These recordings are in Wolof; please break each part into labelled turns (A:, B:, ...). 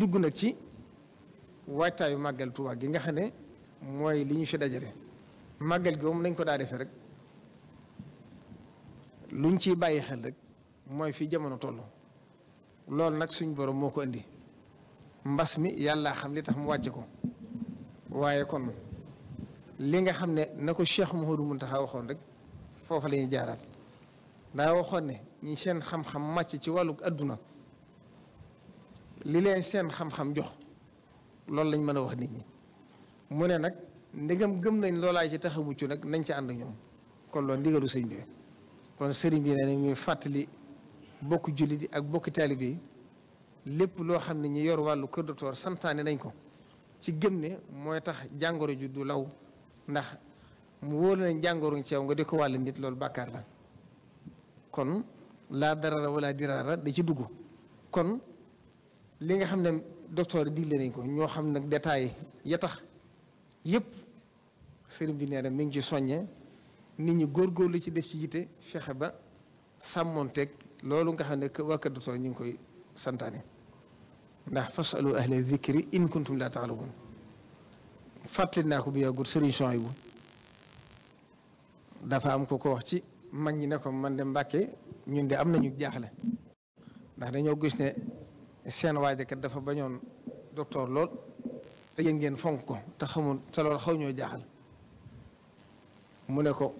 A: dugg nag ci waajtaayu màggal Tuubaa gi nga xam ne mooy li ñu fi dajale màggal gi moom nañ ko daa defee rek luñ ci bàyyi xel rek mooy fi jamono toll loolu nag suñ borom moo ko indi mbas mi yàllaa xam li tax mu wàcce ko waaye kon li nga xam ne na ko Cheikh Mouhamadou Mountakha waxoon rek foofa lañuy ñuy jaaraat daa waxoon ne ñi seen xam-xam màcc ci wàllu àdduna li leen seen xam-xam jox loolu lañ mën a wax nit ñi mu ne nag ndegam gëm nañ loolaay ci tax a mucc nag nañ ci ànd ak ñoom kon loolu ndigalu sëñ bi kon sëriñ bi ne ne ñuy fàttali bokk jullit yi ak bokk taalibe yi lépp loo xam ne ñi yor wàllu kër docteur santaane nañ ko ci gëm ne mooy tax jàngoro ju du law ndax mu wóor nañ jàngoro ci nga de ko wàll nit loolu bàkkaar la kon laa darara wala diraara da ci dugg kon li nga xam ne docteur digle nañ ko ñoo xam nag détail ya tax yépp sëriñ bi nee na mi ngi ci soññe nit ñi góorgóorlu ci def ci jite fexe ba teg loolu nga xam ne waa kër docteur ñu ngi koy santaane ndax fasalu ahla zikri in kuntum la taalamun fàttali naa ko bu yàggul sëriñ son bu dafa am ko ko wax ci mag ñi ne ko man de Mbàkke ñun de am nañu jaaxle ndax dañoo gis ne seen waajakat dafa bañoon docteur lool te yéen ngeen fonk ko te xamul te loolu xaw ñoo jaaxal mu ne ko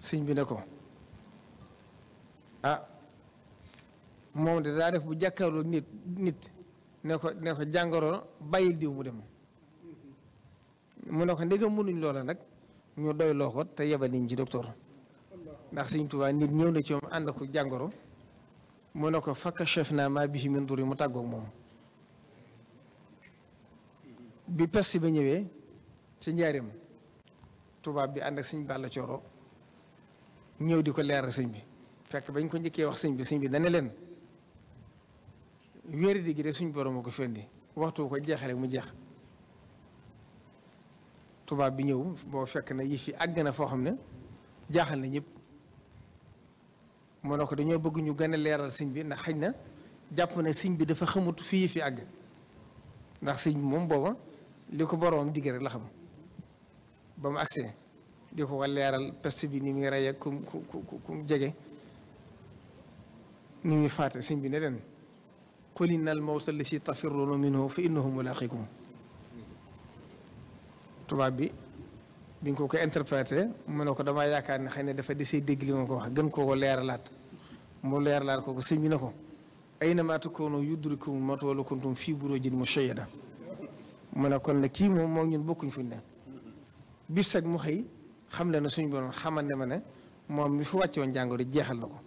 A: sëñ bi ne ko ah moom de daa def bu jàkkaarloo nit nit ne ko ne ko jàngoro bàyyil diw mu dem mu ne ko ndegam mënuñ loola nag ñu doy loo ko te yebal niñ ci docteur ndax sëñ Tuubaa nit ñëw na ci moom ànd ko jàngoro mu ne ko fakka chef naa maa bihi min duri mu tàggoog moom bi peste ba ñëwee ci njaarim tubaab bi ànd ak sëñ Balla Cooro ñëw di ko leeral sëñ bi fekk bañ ko njëkkee wax sëñ bi sëñ bi dana leen wéeri di gi de suñ borom ko fendi waxtu ko jeexale mu jeex tubaab bi ñëw boo fekk na yëf yi àgg na foo xam ne jaaxal na ñëpp mu ne ko dañoo bëgg ñu gën a leeral siñ bi ndax xëy na jàpp ne siñ bi dafa xamut fii fi àgg ndax siñ bi moom booba li ko boroom digg rek la xam ba mu agsee di ko leeral peste bi ni muy rey kum ku jege ni muy faate siñ bi ne leen qul inna al mawta allati tafirruuna minhu fa innahu mulaaqikum tubaab bi bi ko ko interprété mu ne ko damaa yaakaar ne xëy ne dafa desee dégg ko wax gën koo ko leeralaat mu leeralaat ko ko sëñ bi ne ko aynama takuunu yudrikumul mawtu wa law kuntum fii buruujin mushayyada mu ne kon kii moom moo ñun bokkuñ fuñ ne bis sag mu xëy xam le na suñu borom xamal ne ma ne moom mi fu wàcce woon jàngoro jeexal na ko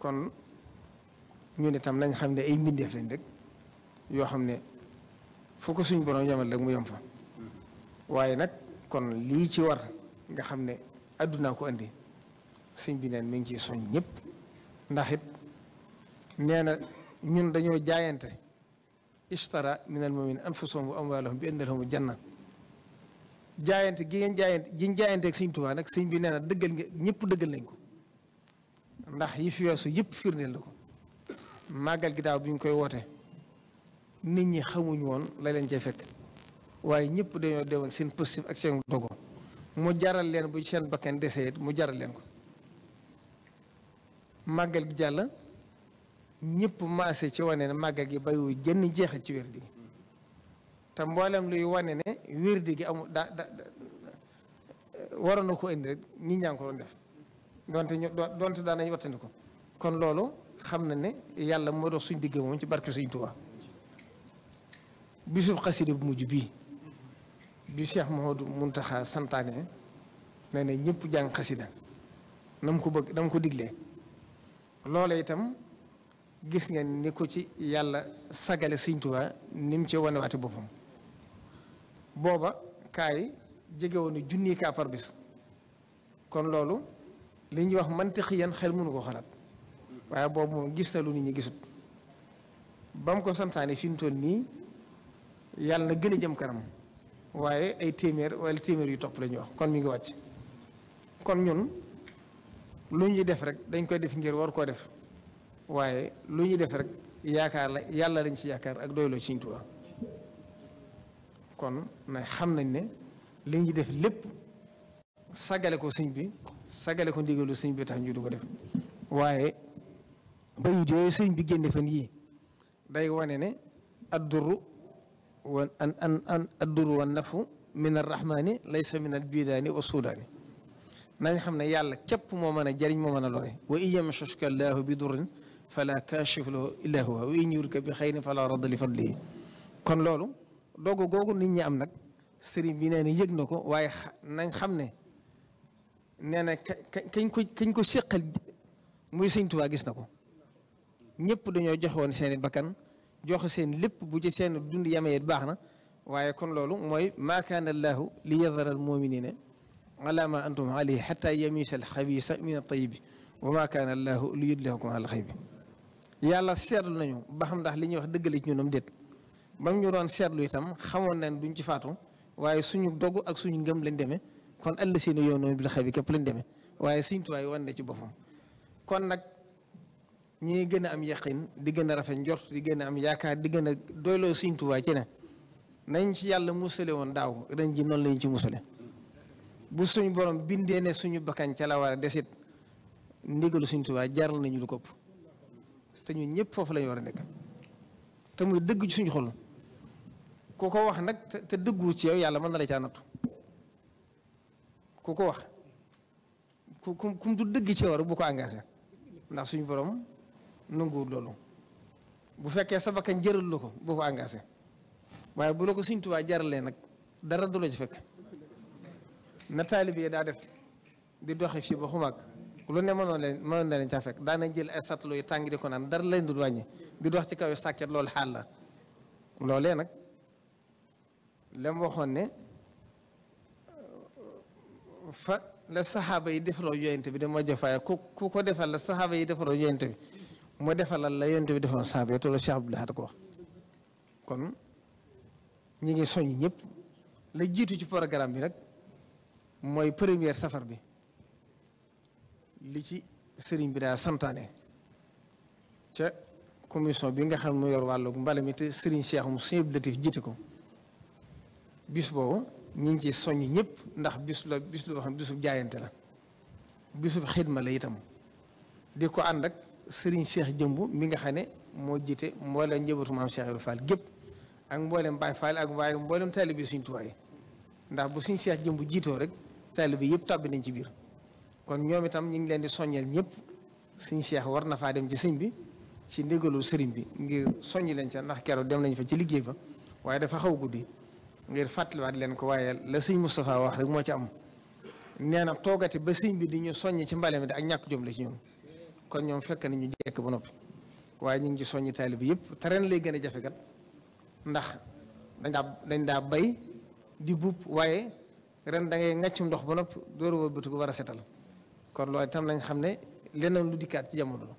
A: kon ñu ne tam nañ xam ne ay mbindeef lañ rek yoo xam ne foo ko suñu borom yamal rek mu yem fa waaye nag kon lii ci war nga xam ne àdduna ko indi sëñ bi neen mi ngi ciy soñ ñëpp ndax it nee na ñun dañoo jaayante ishtara min al mu'minin anfusahum wa amwalahum bi anna lahum janna jaayante gi ngeen jaayante gi ngeen jaayante ak sëñ Tuubaa nag sëñ bi nee na dëggal nga ñëpp dëggal nañ ko ndax yi fi weesu yëpp firndeel la ko màggal gi daaw bi ñu koy woote nit ñi xamuñ woon la leen cay fekk waaye ñëpp dañoo demoon seen positif ak seen dogo mu jaral leen bu seen bakkan desee mu jaral leen ko màggal gi jàll ñëpp maase ci wane ne màggal gi bayu jënn jeexal ci wér di te mboolem luy wane ne wér di gi amul waroon na ko indi rek nit ñaa ko doon def donte ñu donte daan nañu ko kon loolu xam na ne yàlla moo dox suñ digg moom ci barke suñ Tuubaa bisub xasida bu mujj bii bi Cheikh Mouhamadou Mountakha santaane nee ne ñëpp jàng xasida na mu ko bëgg dama ko diglee loola itam gis ngeen ni ko ci yàlla sagale Sëñ Tuubaa ni mu ci wanewaati boppam booba kaay jege woon junni kaa par bis kon loolu li ñuy wax mantiqiyan xel mënu ko xalaat waaye boobu moom gis na lu nit ñi gisut ba mu ko santaane fi mu nii yàlla na gën a jëm kanam waaye ay téeméer wala téeméer yu topp la wax kon mi ngi wàcc kon ñun lu ñu def rek dañ koy def ngir war koo def waaye lu ñu def rek yaakaar la yàlla lañ ci yaakaar ak doyloo Sëriñ Tuubaa kon na xam nañ ne li ñuy def lépp sagale ko sëñ bi sagale ko ndigalu sëñ bi tax ñu du ko def waaye bayit yooyu sëñ bi génne fan yii day wane ne adduru wa an an an adduru wa nafu min arrahmani laysa min albidaani wa suudaani nañ xam ne yàlla képp moo mën a jariñ moo mën a lore wa in yamsuska llaahu bi durrin fala kaashifa lahu illaa huwa wa in yurka bi xayrin fala radda li fadlihi kon loolu doogu googu nit ñi am nag sëriñ bi nee na yëg na ko waaye nañ xam ne nee na ka ko kañ ko séqal muy sëñ Tuubaa gis na ko ñëpp dañoo joxe woon seeni bakkan joxe seen lépp bu ci seen dund yamee baax na waaye kon loolu mooy maa kaana allaahu li yadara al muminina ala ma antum alayhi xata yamisa al xabisa min al tayibi wa maa kaana allaahu li yudlihakum ala xaybi yàlla seetlu nañu ba xam ndax li ñuy wax dëgg la ci ñunam déet bam ñu doon seetlu itam xamoon nañ duñ ci faatu waaye suñu dogg ak suñu ngëm lañ demee kon àll si ne yow noonu bi la xaybi képp lañ demee waaye suñ tuwaay wan na ci boppam kon nag ñi ngi gën a am yaqin di gën a rafet njort di gën a am yaakaar di gën a doyloo Sëriñ Tuubaa ci ne nañ ci yàlla musale woon daaw ren ji noonu lañ ci musale bu suñ borom bindee ne suñu bakkan ca la war desit ndigalu Sëriñ Tuubaa jaral nañu lu kopp te ñun ñëpp foofu lañu war a nekk te muy dëgg ci suñu xol ku ko wax nag te dëggu ci yàlla mën na la caa nattu ku ko wax ku ku du dëgg ci yow bu ko engagé ndax suñu borom nanguwul loolu bu fekkee sa bakkan jëral la ko boo ko waaye bu la ko Sëñ Tuubaa nag dara du la ci fekk na taalibe daa def di dox fii ba xumaag lu ne mënoon leen mënoon na caa fekk daana jël ay satlo yu tàng di ko naan dara leen du wàññi di dox ci kaw yu sàkket loolu xaal la loolee nag lam waxoon ne fa la saxaaba yi defaloo yoyante bi dama jofaay ku ku ko defal la saxaaba yi defaloo yoyante bi mu defalal la yonent bi defoon saaba yi te loolu Cheikh Abdoulaye ko wax kon ñi ngi soññ ñëpp la jiitu ci programme bi nag mooy première safar bi li ci sëriñ bi daa santaane ca commission bi nga xam ne mu yor wàll mbala mi te sëriñ Cheikh mu sëñ Latif ko bis boobu ñu ngi ci soññ ñëpp ndax bis la bis loo xam bisub jaayante la bisub xidma la itam di ko ànd ak sëriñ Cheikh Jëmb mi nga xam ne moo jiite mbooleem njëbatu maam Cheikh Ibrahima Fall gépp ak mboolem Baye Fall ak waaye mboolem taalibe suñ tuwaay ndax bu suñ Cheikh Jëmb jiitoo rek taalibe yëpp tàbbi nañ ci biir kon ñoom itam ñu ngi leen di soññal ñëpp suñ Cheikh war na faa dem ci sëñ bi ci ndigalul sëriñ bi ngir soññ leen ca ndax keroo dem nañ fa ci liggéey ba waaye dafa xaw guddi ngir fàttaliwaat leen ko waaye la sëñ Moustapha wax rek moo ci am nee na toogate ba sëñ bi di ñu soññ ci mbale mi ak ñàkk jom la ci ñoom kon ñoom fekk na ñu jekk bonop waaye ñu ngi ci soññi bi yëpp te ren lay gën a jafe kat ndax dañ daa dañ daa bay di buub waaye ren da ngay ndox ba noppi door a wëlbati ko war a setal kon loolu itam nañ xam ne leneen lu dikkaat ci jamono la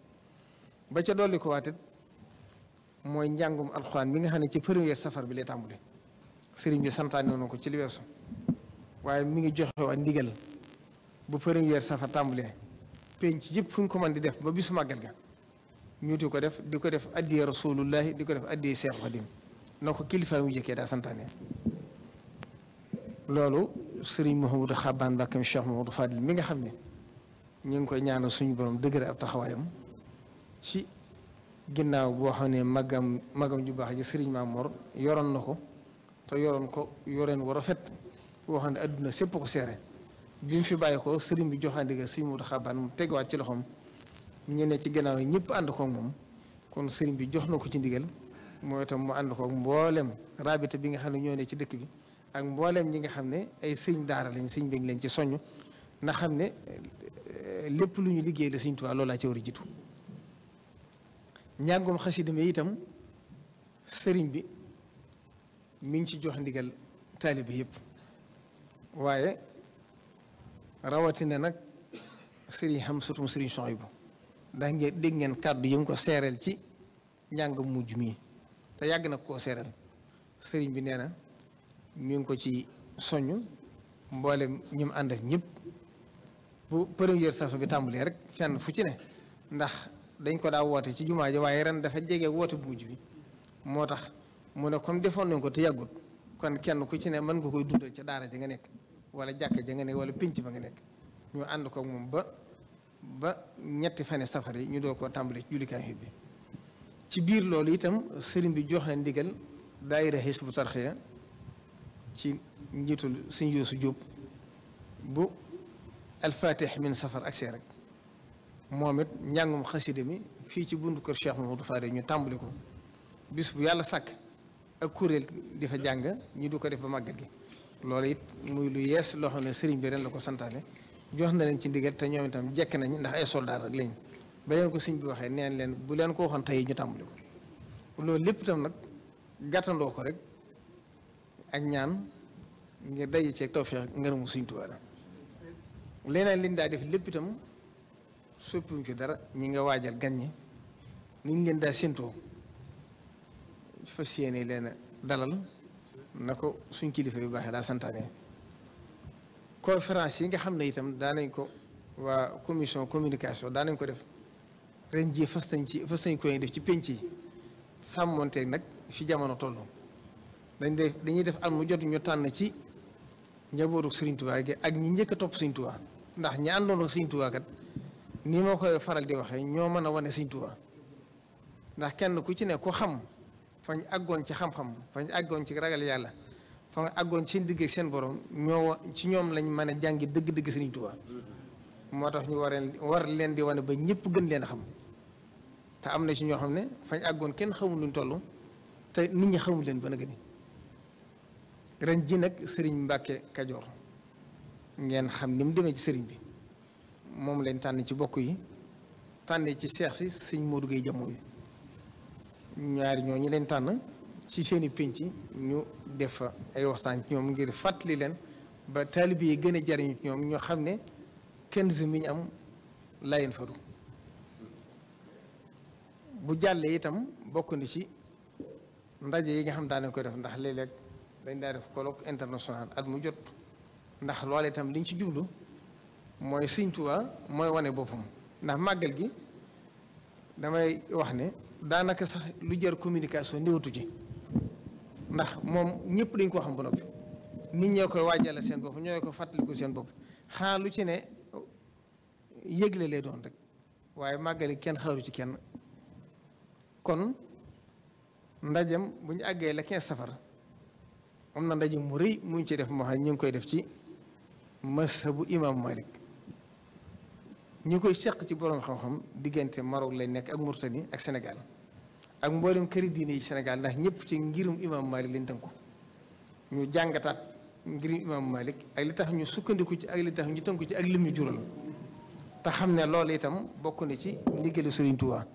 A: ba ca dolli ko waatit mooy njàngum alxuraan bi nga xam ne ci premier safar bi lay tàmbali sëriñ bi santaane woon ko ci li waaye mi ngi joxe waa ndigal bu premier safar tàmbalee. penc yëpp fu ñu ko mën di def ba bisu màggal ga ñu di ko def di ko def addiyee rasulullahi di ko def addiyee Seexu Xadim na ko kilifa yu jëkkee daa santaane loolu Serigne Mouhamadou Xaban Mbakke mi nga xam ne ñu ngi koy ñaanal suñu borom dëgëre ab taxawaayam ginnaaw boo xam ne magam magam ju baax ji Serigne Mamor yoroon na ko te yoroon ko yoreen wu rafet boo xam ne adduna sépp ko seere bi mu fi bàyyi ko sëriñ bi joxaan ndigal sëriñ Modou Xaban mu tegawaat ci loxoom ñu ne ci gannaaw yi ñëpp ànd koog moom kon sëriñ bi jox na ko ci ndigal mooy itam mu ànd kook mboolem rabita bi nga xam ne ñoo ne ci dëkk bi ak mbooleem ñi nga xam ne ay sëriñ daara lañ sëriñ bi ngi ci soññ na ne eh, lépp lu ñu liggéey la sëriñ Tuubaa loolaa war a jiitu ñàggum itam sëriñ bi mi ngi ci jox ndigal taalibe yëpp waaye. rawatina nag sëriñ xam surtout sëriñ Souhaïbou ndax ngeen dégg ngeen kàddu yi mu ko seereel ci njàng mujj mii te yàgg na koo seereel sëriñ bi nee na ñu ngi ko ci soññ mboolem ñu mu àndal ñëpp bu première saison bi tàmbalee rek fenn fu ci ne ndax dañ ko daa woote ci jumaa ji waaye ren dafa jege woote bu mujj bi moo tax mu ne comme defoon nañ ko te yàggut kon kenn ku ci ne mën nga koy dundal ci daara ji nga nekk. wala jàkka ja nga ne wala pinc ba nga nekk ñu ànd ko moom ba ba ñetti fane safar yi ñu doo ko tàmbali ci jullikaay bi ci biir loolu itam sëriñ bi jox na ndigal daayira Hizbut Tarqiyyah ci njiitul sëñ Yuusu Jóob bu alfatih min safar ak see rek moom it njàngum xasida mi fii ci buntu kër Cheikh Mamadou Faare ñu tàmbali ko bis bu yàlla sàkk ak kuréel di fa jàng ñu du ko def ba màggal gi loolu it muy lu yees loo xam ne sëriñ bi ren la ko santaane jox na leen ci ndigal te ñoom itam jekk nañ ndax ay soldaar rek lañ ba leen ko sëriñ bi waxee neen leen bu leen ko waxoon tey ñu tàmbali ko loolu lépp nag gàttandoo ko rek ak ñaan ngir daje ceeg tawfeex ngërëmu sëriñ Tuubaa la leneen liñ daa def lépp itam soppiwuñ fi dara ñi nga waajal gan ñi ni ñu leen daa séentoo fas yéene leen dalal na ko suñ kilifa yu baaxee daa santaane conférence yi nga xam ne itam daa nañ ko waa commission communication daa nañ ko def ren jii fas nañ ci fas nañ koy def ci penc yi sàmmonteeg nag fi jamono tollu dañ def dañuy def at mu jot ñu tànn ci njabootu Sëriñ Tuubaa ak ñi njëkk topp Sëriñ Tuubaa ndax ñi àndoon ak Sëriñ Tuubaa ni ma koy faral di waxee ñoo mën a wane Sëriñ Tuubaa ndax kenn ku ci ne ku xam fañ ñu àggoon ci xam-xam fa ñu ci ragal yàlla fa ñu àggoon ci seen digg seen borom ñoo ci ñoom lañ mën a jàngi dëgg-dëgg Sëriñ Tuubaa moo tax ñu war war leen di wane ba ñëpp gën leen xam te am na si ñoo xam ne fañ àggoon kenn xamul luñ toll te nit ñi xamul leen ba na gëni ren ji nag sëriñ Mbàkke Kajoor ngeen xam ni mu demee ci sëriñ bi moom leen tànn ci bokk yi tànn ci seex si sëñ Modou Gueye Jamoo yi ñaari ñoo ñu leen tànn ci seen i ñu def fa ay waxtaan ci ñoom ngir fàttali leen ba taalibe yi gën a jariñu ci ñoom ñoo xam ne Kanz mi ñu am Layeen Fadu bu jàllee itam bokk na ci ndaje yi nga xam daane ko def ndax léeg-léeg dañ daa def colloque international at mu jot ndax loole itam liñ ci jublu mooy Sëñ Tuubaa mooy wane boppam ndax màggal gi damay wax ne daanaka sax lu jar communication néewatu ci ndax moom ñëpp dañ ko xam ba noppi nit ñoo koy waajale seen bopp ñoo ko fàttaliku seen bopp xanaa lu ci ne yëgle lay doon rek waaye màggali kenn xaaru ci kenn kon ndajam bu ñu àggee la 15 safar am na ndaje mu rëy mu ñu ci def moo xam ñu ngi koy def ci mazhabu imaamu Malik ñi koy seq ci borom xam-xam diggante Maroc lañ nekk ak Mauritanie ak Sénégal ak mboolem këri diine yi Sénégal ndax ñëpp ci ngirum imam Malik lañ tënku ñu jàngataat ngirum imam Malik ak li tax ñu sukkandiku ci ak li tax ñu tënku ci ak lim ñu jural te xam ne loolu itam bokk na ci ndigalu Sëriñ Tuubaa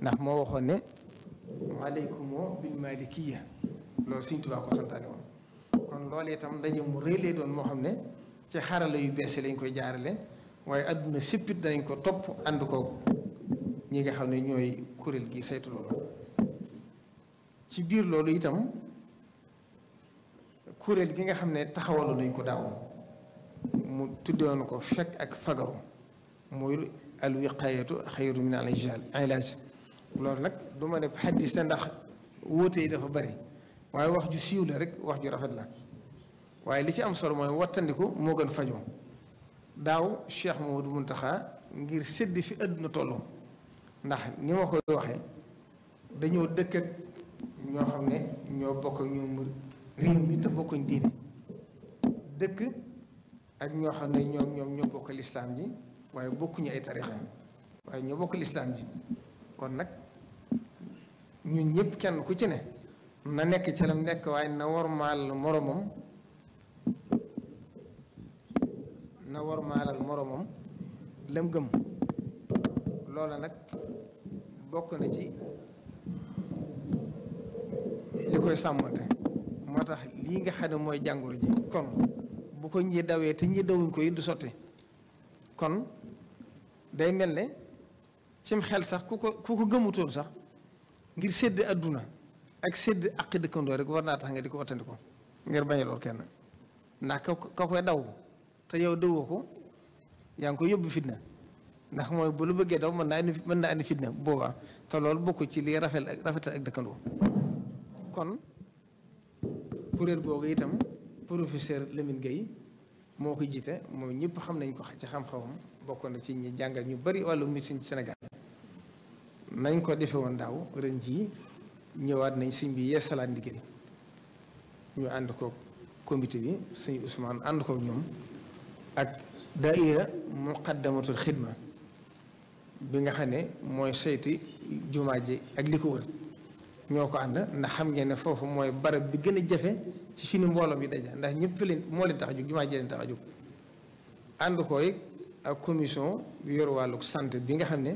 A: ndax moo waxoon ne waaleykum bil malikiya loolu Sëriñ Tuubaa ko santaane woon kon loolu itam ndaje mu rëy lay doon moo xam ne ci xarala yu bees lañ koy jaarale waaye àdduna séppit dañ ko topp ànd ko ñi nga xam ne ñooy kuréel gi saytu loolu ci biir loolu itam kuréel gi nga xam ne taxawaloon nañ ko daaw mu tuddewoon ko fekk ak fagaru mooy al wiqaayatu xayru la al ilaaj loolu nag du ma ne xaddis te ndax wóote yi dafa bari waaye wax ju siiw la rek wax ju rafet la waaye li ci am solo mooy wattandiku moo gën fajoo daaw Cheikh Mamadou Mountakha ngir sédd fi àdduna toll ndax ni ma koy waxee dañoo dëkk ak ñoo xam ne ñoo bokk ak ñoom réew dëkk ak ñoo xam ne ñoo ñoom ñoo bokk lislaam ji waaye bokkuñu ay tarixa waaye ñoo bokk lislaam ji kon nag ñun ñëpp kenn ku ci ne na nekk ca lam nekk waaye na war wormaal moromam na war maalal moroomam lam gëm loola nag bokk na ci li koy sàmmante moo tax lii nga xam ne mooy jàngoro ji kon bu ko ñi dawee te ñi dawuñ ko it du sotti kon day mel ne cim xel sax ku ko ku ko gëmutoon sax ngir sedd àdduna ak sedd aqi dëkkandoo rek war naa tax nga di ko wattandi ko ngir bañ a lor kenn ndax ka koy daw te yow dëggoo ko yaa ngi koy yóbbu fitna ndax mooy bu lu bëggee daw mën naa indi mën naa indi fitna boobaa te loolu bokk ci lii rafet ak rafetal ak dëkkandoo kon kuréel googu itam professeur Lamine Gueye moo ko jiite moom ñëpp xam nañ ko ci xam-xamam bokkoon na ci ñi jàngal ñu bari wàllu médecine ci Sénégal nañ ko defee woon daaw ren ñëwaat nañ siñ bi yeesalaat ndigal ñu ànd ko comité bi sëñ Ousmane ànd ko ñoom ak daaira muqaddamatul xidma bi nga xam ne mooy sayti jumaa ji ak li ko wër ñoo ko ànd ndax xam ngeen ne foofu mooy barab bi gën a jafe ci fi ni mbooloo bi daja ndax ñëpp leen moo leen tax a jóg jumaa ji ànd ko ak commission bi yor wàllu santé bi nga xam ne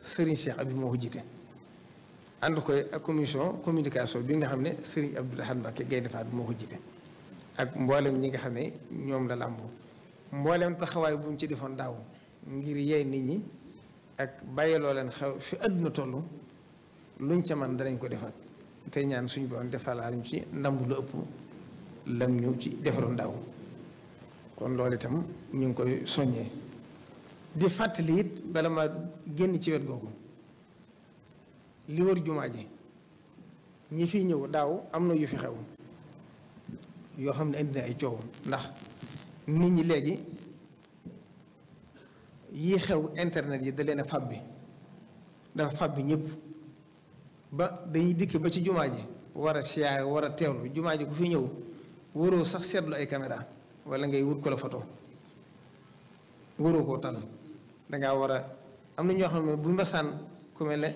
A: Serigne Cheikh Abib moo ko jiite ànd ko ak commission communication bi nga xam ne Serigne Abdoul Ahad Mbacké Gaïndé Fatma moo ko jiite ak mboolem ñi nga xam ne ñoom la làmboo mboolem taxawaay bu mu ci defoon daaw ngir yee nit ñi ak bàyyiloo leen xew fi àdduna toll luñ ca man danañ ko defaat te ñaan suñ borom defalaat ñu ci ndam ëpp lam ñu ci defaroon daaw kon loolu itam ñu ngi koy soññee di fàttali it bala ma génn ci wet googu li wër jumaa ji ñi fiy ñëw daaw am na yu fi xew yoo xam ne indi na ay coow ndax nit ñi léegi yi xew internet yi da leen a fab bi dafa fab bi ñépp ba dañuy dikk ba ci jumaa ji war a siyaare war a teewlu jumaa ji ku fi ñëw waroo sax seetlu ay caméra wala ngay wut ko la photo waroo koo tal dangaa war a am na ñoo xam ne bu masaan ku mel ne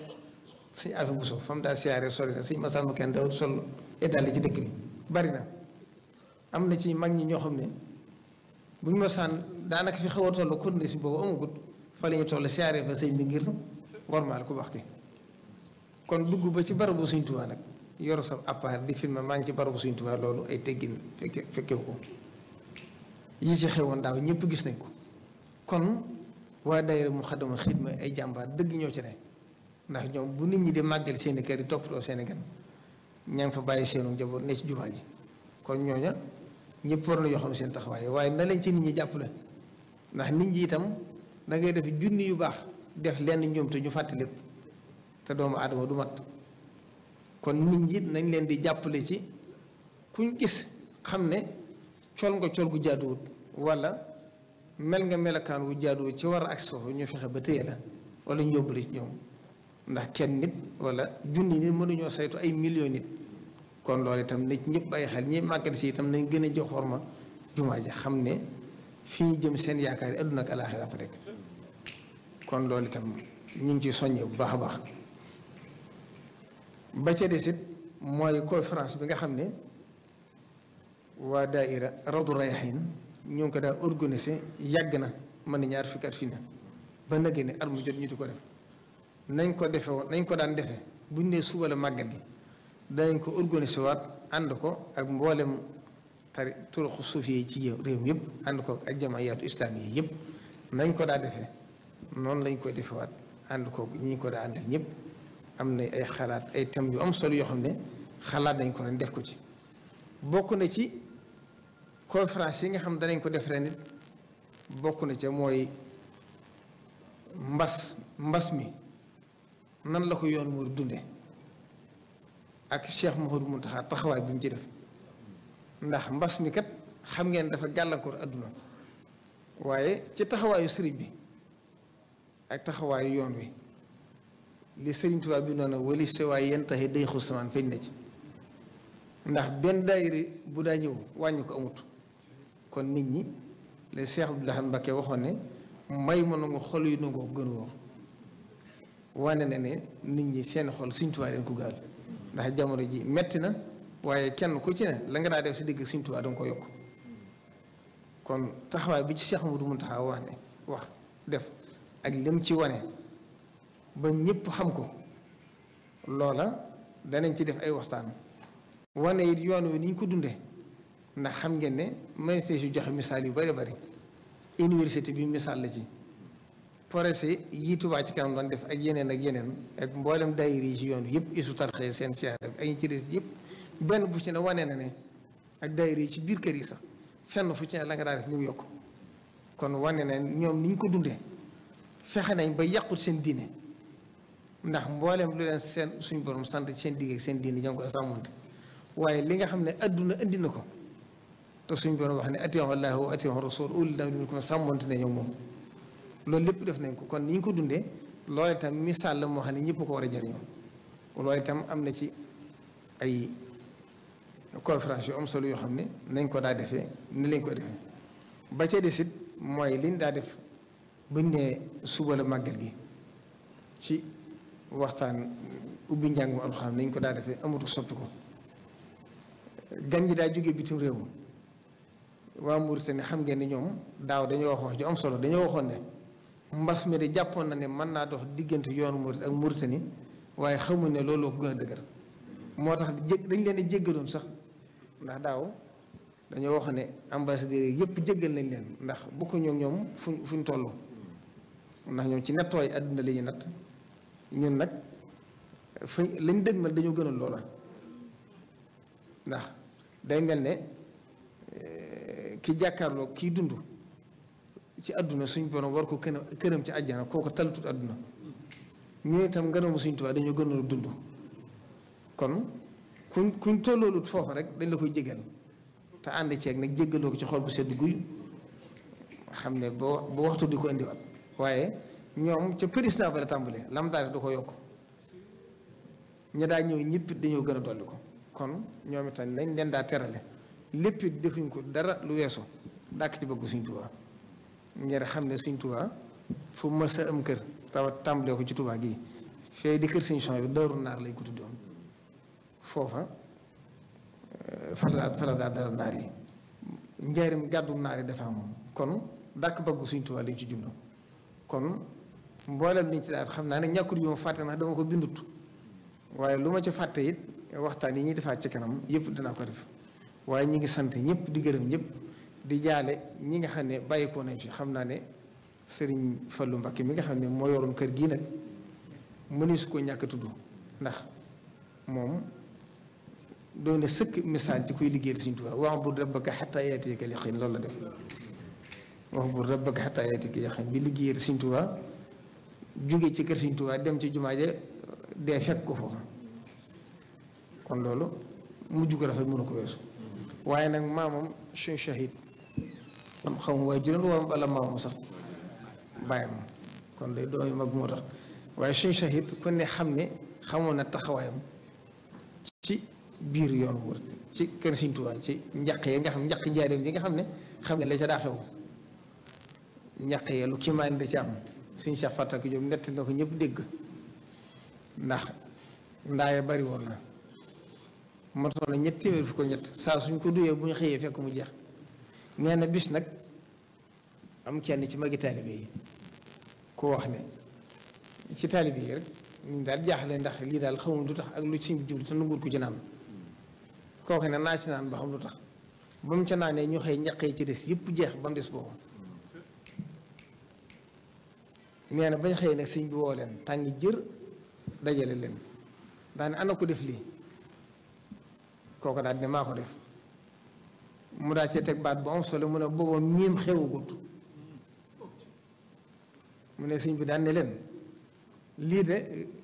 A: suñu affaire bu so fa mu daa siyaare sori na masaan bu kenn dawut sol et dal ci dëkk bi bari na am na ci mag ñi ñoo xam ne bu ñu ma sànn daanaka fi xaw a toll condition boobu amagut fa la ñu toll siyaare fa sëñ bi ngir warmaal ku baax ki kon dugg ba ci barabu Sëñ Tuubaa nag yoru sa appareil di filmé maa ngi ci barabu Sëñ Tuubaa loolu ay teggin fekke fekkewu ko yi ci xewoon daaw ñëpp gis nañ ko kon waa daayira Muxaddamatul Xidma ay jàmbaar dëgg ñoo ci ne ndax ñoom bu nit ñi di màggal seeni kër yi toppatoo seeni gan ña ngi fa bàyyi seenu njaboot ne ci jumaa ji kon ñooña ñëpp war nañoo xam seen taxawaay waaye na leen ci nit ñi jàppale ndax nit ñi itam dangay def junni yu baax def lenn ñoom te ñu fàtte lépp te doomu aadama du mat kon nit ñi nañ leen di jàppale ci kuñ gis xam ne col nga col gu jaaduwut walla mel nga melokaan wu jaaduwut ci war ak soofu ñu fexe ba téye la wala ñu yóbbale ci ñoom ndax kenn nit wala junni nit mënuñoo saytu ay million nit kon lool itam na ci ñëpp bàyyi xel ñii màggat si itam nañ gën a jox xorma jumaa ji xam ne fi ñu jëm seen yaakaar yi àdduna ak alaaxira fa rek kon loolu itam ñu ngi ci soññee bu baax a baax ba ca des it mooy conférence bi nga xam ne waa daaira Rawdu Rayaahiin ñu ngi ko daal organisé yàgg na mën na ñaar fukki at fii na ba nag ne at mu jot ñu di ko def nañ ko defe woon nañ ko daan defe buñ nee suba la màggal gi danañ ko organisé waat ànd ko ak mboolem tari turuxu suuf yi ci réew mi yëpp ànd ko ak jamaayaatu islaam yi yëpp nañ ko daa defee noonu lañ koy defewaat ànd ko ñi ko daa àndal ñëpp am na ay xalaat ay thèmes yu am solo yoo xam ne xalaat nañ ko ren def ko ci bokk na ci conférence yi nga xam danañ ko def ren bokk na ca mooy mbas mbas mi nan la ko yoon war dunde ak Cheikh Mouhamadou Mountakha taxawaay bi mu ci def ndax mbas mi kat xam ngeen dafa gàllankoor adduna waaye ci taxawaayu sëriñ bi ak taxawaayu yoon wi li sëriñ Tuubaa bi noonu wali sewaay yenn taxi day xus samaan feeñ na ci ndax benn daayira bu daa ñëw wàññi ko amut kon nit ñi la Cheikh dax Mbacké waxoon ne may ma nangu xol yu nangoo gën woo wane na ne nit ñi seen xol sëriñ Tuubaa leen ko gaal ndax jamono ji metti na waaye kenn ku ci ne la nga daa def si digg Sëriñ Tuubaa danga ko yokk kon taxawaay bi ci Cheikh mu Mountakha wax ne wax def ak lim ci wane ba ñëpp xam ko loola danañ ci def ay waxtaan wane it yoon wi ni ko dundee ndax xam ngeen ne ministère yu joxe misaal yu bari bari université bi misaal la ci forese yi Touba ci kanam doon def ak yeneen ak yeneen ak mboolem daayira yi ci yoon yëpp isu tarxee seen siyaar ak ay ci des yëpp benn bu ci ne wane na ne ak daayira yi ci biir kër yi sax fenn fu ci ne la nga daa def ñu ngi yokk kon wane na ñoom niñ ko dundee fexe nañ bay yàqut seen diine ndax mboolem lu leen seen suñu borom sant seen digg seen diine ñoo ngi ko sàmmante waaye li nga xam ne adduna indi na ko te suñ borom wax ne atiiwu Allaah wa atiiwu rasuul ulil amri minkum sàmmante ne ñoom moom loolu lépp def nañ ko kon ni ko dundee loolu itam misaal la moo xam ne ñëpp ko war a jëriñoo loolu itam am na ci ay conférence yu am solo yoo xam ne nañ ko daa defee ni ko defee ba ca desit mooy liñ daa def buñ nee suba la gi ci waxtaan ubbi njàngum alxam nañ ko daa defee amatu soppi ko gan daa jóge bitim réew waa Mauritanie xam ngeen ni ñoom daaw dañoo wax wax am solo dañoo waxoon ne mbas mi de jàppoon na ne mën naa dox diggante yoonu murit ak Mauritanie waaye xamuñ ne looloo ko gën a dëgër moo tax dañ leen di jéggaloon sax ndax daaw dañoo wax ne ambassadeurs yi yëpp jéggal nañ leen ndax bokkuñu ak ñoom fu fuñ toll ndax ñoom ci nattooy àdduna la ñuy natt ñun nag fuñ lañ dëgg ma dañoo gënal loola ndax day mel ne eh, ki jàkkaarloo kiy dund ci àdduna suñ borom war ko kën këram ci àjjana kooku taltut àdduna ñu itam ngërëmu suñ Tuubaa dañoo gën a dund kon kuñ rek dañ la koy jégal te ànd ceeg nag jéggaloo ko ci xol bu sedd guy xam ne boo boo waxtu di ko indiwaat waaye ñoom ca président ba la tàmbalee lam daal du ko yokk ña daa ñëw ñëpp dañoo gën a dolli ko kon ñoom itam nañ leen daa terale lépp it defuñ ko dara lu weesu dàkk ci bëgg suñ Tuubaa ngeen xam ne Sëñ Tuubaa fu mu mës am kër rawat tàmbalee ko ci Tuubaa gi fee di kër Sëñ Son bi Daaru Naar lañ ko tuddoon foofa eh, fala fala daal dara naar yi njaarim gàddu naar yi dafa amoon kon dàkk baggu Sëñ Tuubaa lañ ci jublu kon mboolem liñ ci daal xam naa ne ñàkkul yu ma fàtte na dama ko bindut waaye lu ma ci fàtte it waxtaan yi ñuy defaat ci kanam yëpp dinaa ko def waaye ñu ngi sant ñëpp di gërëm ñëpp di jaale ñi nga xam ne bàyyi ko nañ fi xam naa ne sëriñ Fallou Mbacké mi nga xam ne moo yoroon kër gii nag mënu su koo ñàkk tudd ndax moom doon na sëkk misaal ci kuy liggéeyal Sëriñ Tuubaa wa'bud rabbaka hattaa yaatiyakal yaqiin loolu la def wa'bud rabbaka hattaa yaatiyakal yaqiin bi liggéeyal Sëriñ Tuubaa jóge ci kër Sëriñ Tuubaa dem ci jumaa ja dee fekk ko foofa kon loolu mujj ko rafet mënu ko weesu waaye nag maamam suñu shahid dama xam waaye juróom wam wala sax bàyyi ma kon day doom yu mag moo tax waaye suñu sahid ku ne xam ne xamoon na taxawaayam ci biir yoon wër kër Sëriñ ci njaq yi nga xam njaq njaareem yi nga xam ne xam nga la ca daa xew njaq lu kiimaan da ci am suñ Seex Fàttak Jóob nett na ko ñépp dégg ndax ndaaya bari woon na motoon na ñett téeméer fi ko ñett saa suñ ko duyee bu ñu xëyee fekk mu jeex nee bis nag am kenn ci magi taalibe yi ku wax ne ci taalibe yi rek ñu daal jaaxle ndax lii daal xamul du tax ak lu ci jublu te nanguwul ko ci naan kooku ne naa ci naan ba xam lu tax ba mu ca naanee ñu xëy ñaq yi ci des yëpp jeex ba mu des boobu. nee na bañ xëy nag sëñ bi woo leen tàng jër dajale leen daane ana ko def lii kooku daal ne maa ko def. mu daal cee teg baat bu am solo mu ne booba miim xewagut mu ne sëñ bi daan ne leen lii de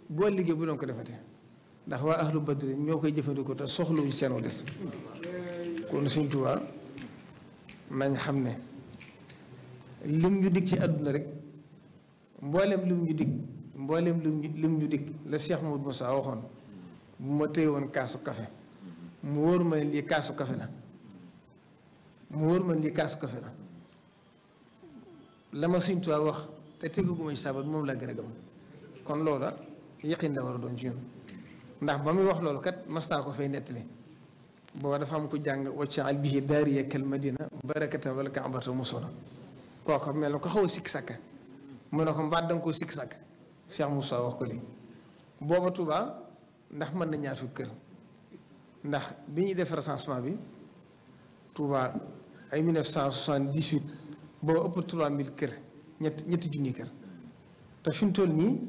A: boo liggéey bu doon ko defate ndax waa axlu badri ñoo koy jëfandikoo te soxlawuñ seen wu des kon suñ Tuubaa nañ xam ne lim ñu dig ci àdduna rek mboolem lim ñu dig mboolem lim ñu lim ñu dig la Cheikh Mouhamadou Moussa waxoon bu ma téye woon kaasu kafe mu wóor ma lii kaasu kafe la mu war ma ni kaas kafe la la ma Sëñ Tuubaa wax te teguguma ci sabat moom laa gën a kon loola yëqin la war a doon ci ñun ndax ba muy wax loolu kat mastaa ko fay nettali booba dafa am ku jàng waccaal bihi daariya kal madina barakatan wala kaabata musona kooku mel na ko xaw a sikk sàkk mu ne ko mbaat danga koo sikk sàkk Cheikh Moussa wax ko lii booba Touba ndax mën na ñaar fukki kër ndax bi ñuy def recensement bi Touba ay cent 1978 boo ëpp 3000 kër ñett ñetti junni kër te fi mu nii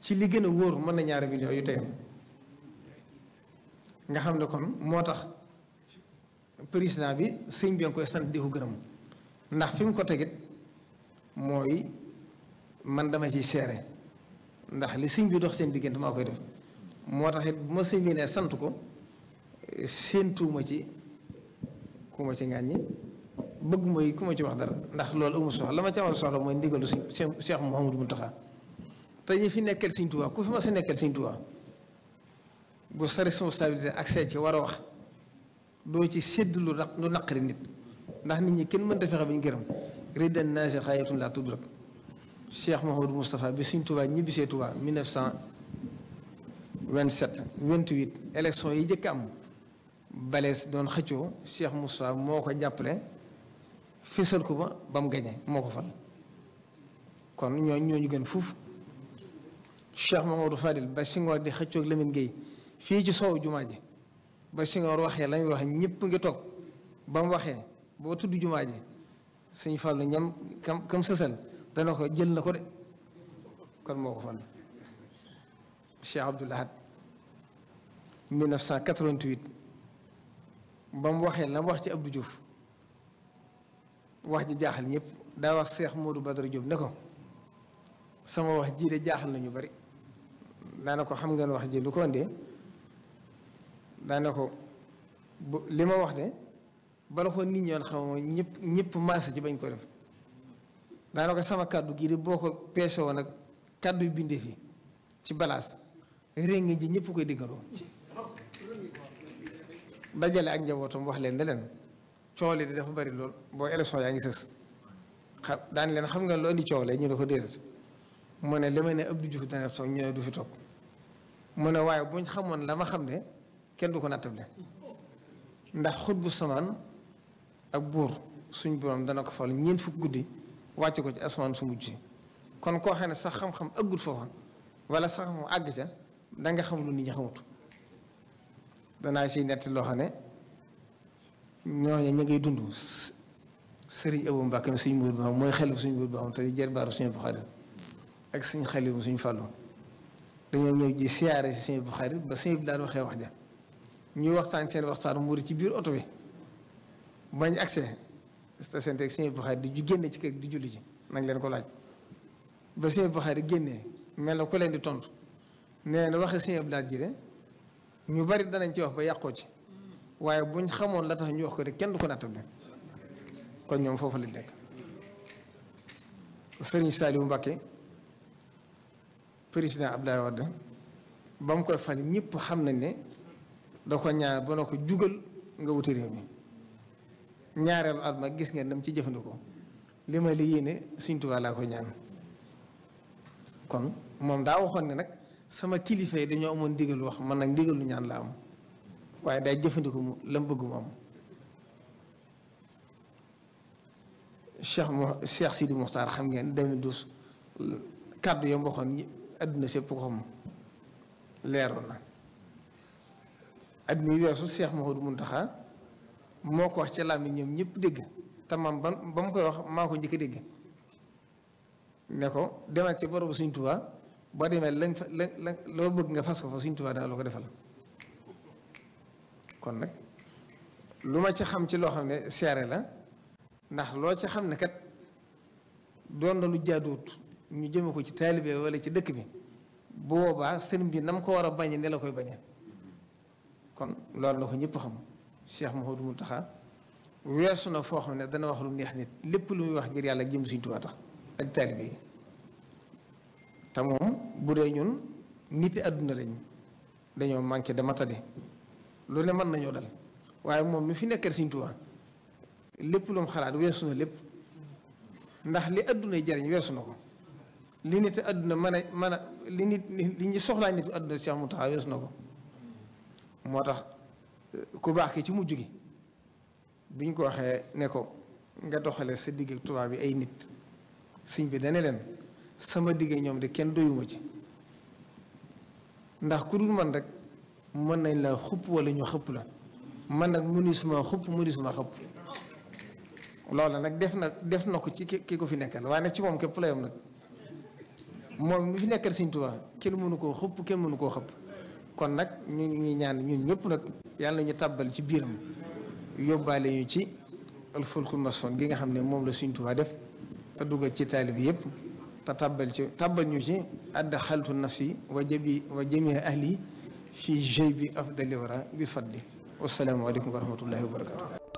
A: ci li gën a wóor mën na ñaari millions yu tegal nga xam ne kon moo tax président bi sëñ bi nga koy sant di ko gërëm ndax fi mu ko tegit mooy man dama ci seere ndax li sëñ bi dox seen diggante maa koy def moo tax it bu ma sëñ bi ne sant ko séentuuma ci ku ma ci ngàññi bëgg mooy ku ma ci wax dara ndax loolu amul soxla la ma mooy ndigalu suñ Cheikh Mouhamadou Mountakha te ñi fi nekkal Sëriñ Tuubaa ku fi ma sa si Sëriñ Tuubaa bu sa responsabilité accès ci war a wax doo ci sédd lu naq lu naqari nit ndax nit ñi kenn mënta fexe ba ñu gërëm ridan naasi xaayatun laa tudrak Cheikh Mouhamadou Moustapha bi Sëriñ Tuubaa ñibbisee Tuubaa 1927 28 élection yi jëkk am balees doon xëccoo Cheikh Moustapha moo ko jàppale fésal ko ba ba mu gañe moo ko fal kon ñooñu ñooñu gën fuuf Cheikh Mamadou Fadil ba Senghor di xëccoog Lamine géey fii ci soow jumaa ji ba Senghor waxee lañuy wax ñëpp ngi toog ba mu waxee boo tudd jumaa ji sëñ Fallou ñam kam kam sësal dana ko jël na ko de kon moo ko fal Cheikh Abdoul Ahad ba mu waxee la mu wax ci Abdou Diouf wax ji jaaxal ñépp daa wax seex moo Modou Badara jóob ne ko sama wax jii de jaaxal nañu bari ne ko xam ngeen wax ji lu ko daa ne ko bu li ma wax de bala ko nit ñoon xam ñëpp ñëpp maasa ci bañ ko def daana ko sama kàddu gii de boo ko peese woon ak kàddu bindee fi ci balaas réngi ji ñépp koy diggandoo dajale ak njabootam wax leen ne coow li dafa bari lool boo élection yaa ngi sës xam daan leen xam nga lu indi coow la ñu ne ko déedéet mu ne li ma ne Abdou Diouf dana toog ñu du fi toog mu ne waaye buñ xamoon la ma xam ne kenn du ko nattable ndax xut bu samaan ak buur suñ borom dana ko fal ñeent fukk guddi wàcce ko ci asamaan su mujj si kon koo xam ne sax xam-xam ëggut foofa wala sax xam àgg ca da nga xam lu nit ñi xamut danaa siy netti loo xam ne ñooñu ñu ngay dund sëriñ Abou Mbacke mi suñu mbuur bi mooy xel suñu mbuur bi xam te di jarbaaru suñu Buxaari ak suñu xalimu suñu fàllu dañoo ñëw ji siyaare si suñu Buxaari ba suñu daal waxee wax ja ñuy waxtaan seen waxtaan muur ci biir oto bi bañ accès te suñu Buxaari di ju génne ci kër di julli ji nag leen ko laaj ba suñu Buxaari génnee mel na ku leen di tontu nee na waxe suñu Abdou Lahat ji de ñu bari danañ ci wax ba yàqoo ci waaye buñ xamoon la tax ñu wax ko rek kenn du ko nattable kon ñoom foofu lañ nekk sëriñ Saliou Mbacké président Abdoulaye Wade ba mu koy fal ñëpp xam nañ ne da ko ñaar ba na ko jugal nga wuti réew mi ñaareelu at ma gis ngeen dam ci jëfandikoo li ma la yéene Sëriñ Tuubaa laa koy ñaan kon moom daa waxoon ne nag sama kilifa yi dañoo amoon ndigal wax man nag ndigalu ñaan la am waaye day jëfandiku mu la mu bëgg mu am cheikh mo cheikh Sidi Mokhtar xam ngeen dem doos kàddu yam waxoon adduna sépp ko xam leeroon na adduna yi weesu cheikh Mouhamadou Mountakha moo ko wax ci làmmiñ ñoom ñëpp dégg te man ba ba mu koy wax maa ko njëkk a dégg ne ko demal ci borobu Sëriñ Tuubaa boo demee lañ fa la la loo bëgg nga fas ko fa Sëriñ Tuubaa daal la ko defal kon nag lu ma ci xam ci loo xam ne seere la ndax loo ci xam ne kat doon na lu jaaduwut ñu jëme ko ci taalibe wala ci dëkk bi bu boobaa sëriñ bi nam ko war a bañe ne la koy bañe kon loolu la ko ñëpp xam mu Cheikh Mouhamadou Mountakha weesu na foo xam ne dana wax lu neex nit lépp lu muy wax ngir yàlla jëm siñ Tuubaa tax ak taalibe yi te moom bu dee ñun niti àdduna lañ dañoo manqué dama tadi lu ne mën nañoo dal waaye moom mi fi nekkal Sëriñ Tuubaa lépp lu xalaat weesu na lépp ndax li adduna jariñ weesu na ko li nit adduna mën a mën a li nit li ñu soxlaa nit adduna Cheikh Mountakha weesu na ko moo tax eh, ku baax ki ci mujj gi bi ñu ko waxee ne ko nga doxale sa digg tubaab bi ay nit sëñ bi dane leen sama digg ñoom de kenn doyuma ci ndax ku dul man rek mën nañ la xupp walla ñu xëpp la man nag mënisuma xupp mënisuma xëpp loolu nag def na def na ko ci ki ko fi nekkal waaye nag ci moom képp la yam nag moom fi nekkal Sëriñ Tuubaa mënu koo xupp kenn mënu koo xëpp kon nag ñu ngi ñaan ñun ñëpp nag yàlla ñu tàbbal ci biiram yóbbaale ñu ci alfulkul masoon nga xam ne moom la Sëriñ Tuubaa def te dugal ci taalib yëpp te tàbbal ci tàbbal ñu ci àdd xaltu nafsi wa jabi wa jami ahli fi jaybi afdali wara bi fadli wassalaamu aleykum wa rahmatullahi wa barakatu